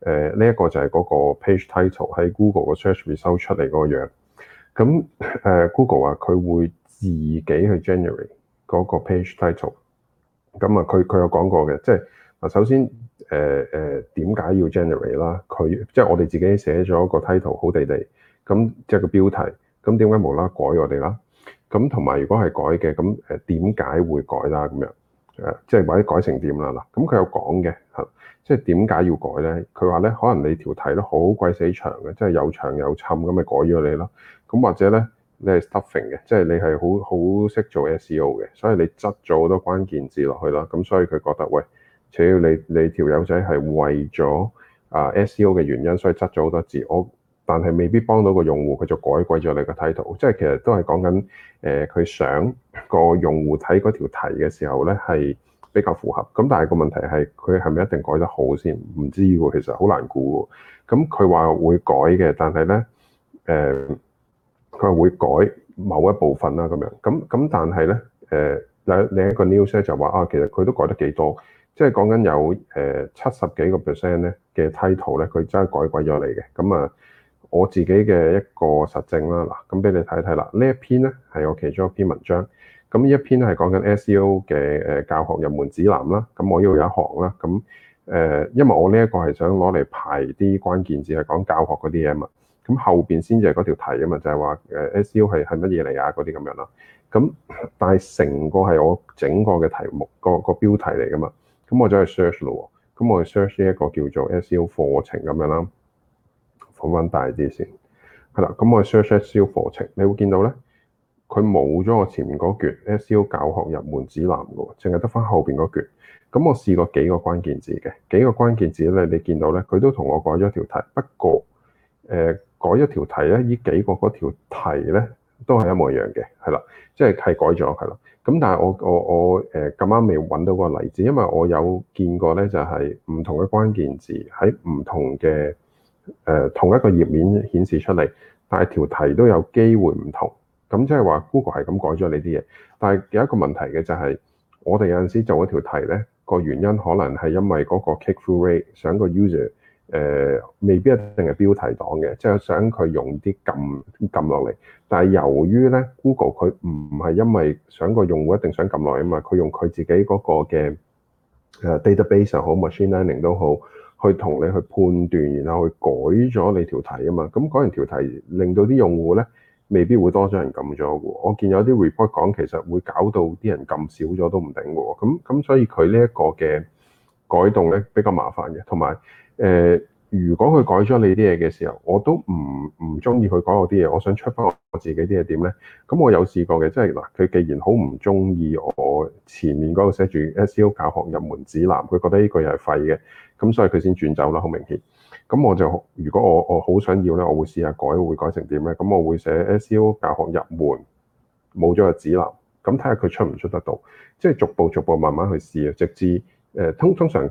誒呢一個就係嗰個 page title 喺 Google 嘅 search result 出嚟嗰個樣，咁誒、呃、Google 啊，佢會自己去 generate 嗰個 page title。咁啊，佢佢有講過嘅，即係啊，首先誒誒點解要 generate 啦？佢即係我哋自己寫咗個 title 好地地，咁即係個標題。咁點解冇啦啦改我哋啦？咁同埋如果係改嘅，咁誒點解會改啦？咁樣。誒，即係或者改成點啦嗱，咁佢有講嘅，係即係點解要改咧？佢話咧，可能你條題都好鬼死長嘅，即係有長有沉，咁咪改咗你咯。咁或者咧，你係 stuffing 嘅，即係你係好好識做 SEO 嘅，所以你執咗好多關鍵字落去咯。咁所以佢覺得喂，只要你你條友仔係為咗啊 SEO 嘅原因，所以執咗好多字，我，但係未必幫到個用戶，佢就改鬼咗你個 title。即係其實都係講緊誒。佢、呃、想個用戶睇嗰條題嘅時候咧，係比較符合。咁但係個問題係佢係咪一定改得好先？唔知喎，其實好難估喎。咁佢話會改嘅，但係咧誒，佢、呃、話會改某一部分啦，咁樣咁咁。但係咧誒，另、呃、另一個 news 咧就話啊，其實佢都改得幾多，即係講緊有誒七十幾個 percent 咧嘅 title 咧，佢、呃、真係改鬼咗你嘅咁啊！嗯我自己嘅一個實證啦，嗱，咁俾你睇睇啦。呢一篇咧係我其中一篇文章，咁呢一篇咧係講緊 SEO 嘅誒教學入門指南啦。咁我呢度有一行啦，咁誒、呃，因為我呢一個係想攞嚟排啲關鍵字係講教學嗰啲嘢嘛。咁後邊先至係嗰條題啊嘛，就係話誒 SEO 係係乜嘢嚟啊嗰啲咁樣啦。咁但係成個係我整個嘅題目個、嗰個標題嚟噶嘛。咁我走去 search 咯，咁我去 search 呢一個叫做 SEO 課程咁樣啦。咁樣大啲先，係啦。咁我 search SEO 課程，你會見到咧，佢冇咗我前面嗰卷 SEO 教學入門指南噶喎，淨係得翻後邊嗰卷。咁我試過幾個關鍵字嘅幾個關鍵字咧，你見到咧，佢都同我改咗條題。不過誒、呃，改咗條題咧，依幾個嗰條題咧，都係一模一樣嘅，係啦，即係係改咗佢啦。咁但係我我我誒咁啱未揾到個例子，因為我有見過咧，就係、是、唔同嘅關鍵字喺唔同嘅。誒、呃、同一個頁面顯示出嚟，但係條題都有機會唔同，咁即係話 Google 係咁改咗你啲嘢。但係有一個問題嘅就係、是，我哋有陣時做一條題咧，個原因可能係因為嗰個 click through rate 想個 user 誒、呃、未必一定係標題黨嘅，即、就、係、是、想佢用啲撳撳落嚟。但係由於咧 Google 佢唔係因為想個用戶一定想撳落嚟啊嘛，佢用佢自己嗰個嘅誒 database 好 machine learning 都好。去同你去判斷，然後去改咗你條題啊嘛，咁、嗯、改完條題，令到啲用戶咧未必會多咗人撳咗喎。我見有啲 report 講，其實會搞到啲人撳少咗都唔定喎。咁、嗯、咁、嗯、所以佢呢一個嘅改動咧比較麻煩嘅。同埋誒，如果佢改咗你啲嘢嘅時候，我都唔唔中意佢改我啲嘢。我想出翻我自己啲嘢點咧？咁、嗯、我有試過嘅，即係嗱，佢既然好唔中意我前面嗰個寫住 SEO 教學入門指南，佢覺得呢個又係廢嘅。咁所以佢先轉走啦，好明顯。咁我就如果我我好想要咧，我會試下改，會改成點咧？咁我會寫 SEO 教學入門，冇咗個指南。咁睇下佢出唔出得到？即係逐步逐步慢慢去試啊，直至誒、呃、通通常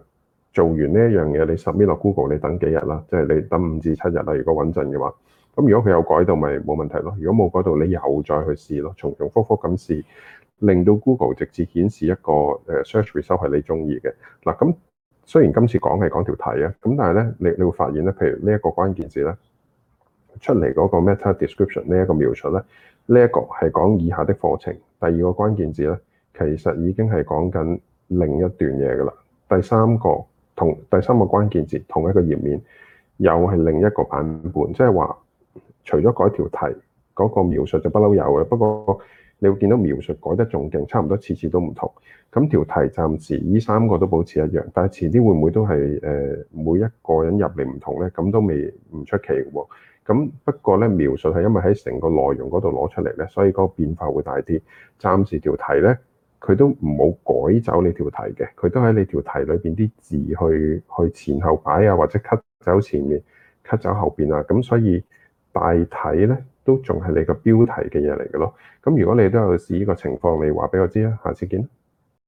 做完呢一樣嘢，你 submit 落 Google，你等幾日啦？即係你等五至七日啦。如果穩陣嘅話，咁如果佢有改到，咪冇問題咯。如果冇改到，你又再去試咯，重重覆覆咁試，令到 Google 直接顯示一個誒 search result 係你中意嘅。嗱咁。雖然今次講係講條題啊，咁但係咧，你你會發現咧，譬如呢一個關鍵字咧，出嚟嗰個 meta description 呢一個描述咧，呢、這、一個係講以下的課程，第二個關鍵字咧，其實已經係講緊另一段嘢噶啦，第三個同第三個關鍵字同一個頁面又係另一個版本，即係話除咗改條題嗰，那個描述就不嬲有嘅，不過，你會見到描述改得仲勁，差唔多次次都唔同。咁條題暫時呢三個都保持一樣，但係遲啲會唔會都係誒、呃、每一個人入嚟唔同咧？咁都未唔出奇喎。咁不過咧，描述係因為喺成個內容嗰度攞出嚟咧，所以嗰個變化會大啲。暫時條題咧，佢都唔好改走你條題嘅，佢都喺你條題裏邊啲字去去前後擺啊，或者 cut 走前面、cut 走後邊啊。咁所以大體咧。都仲係你個標題嘅嘢嚟嘅咯，咁如果你都有試呢個情況，你話俾我知啊，下次見。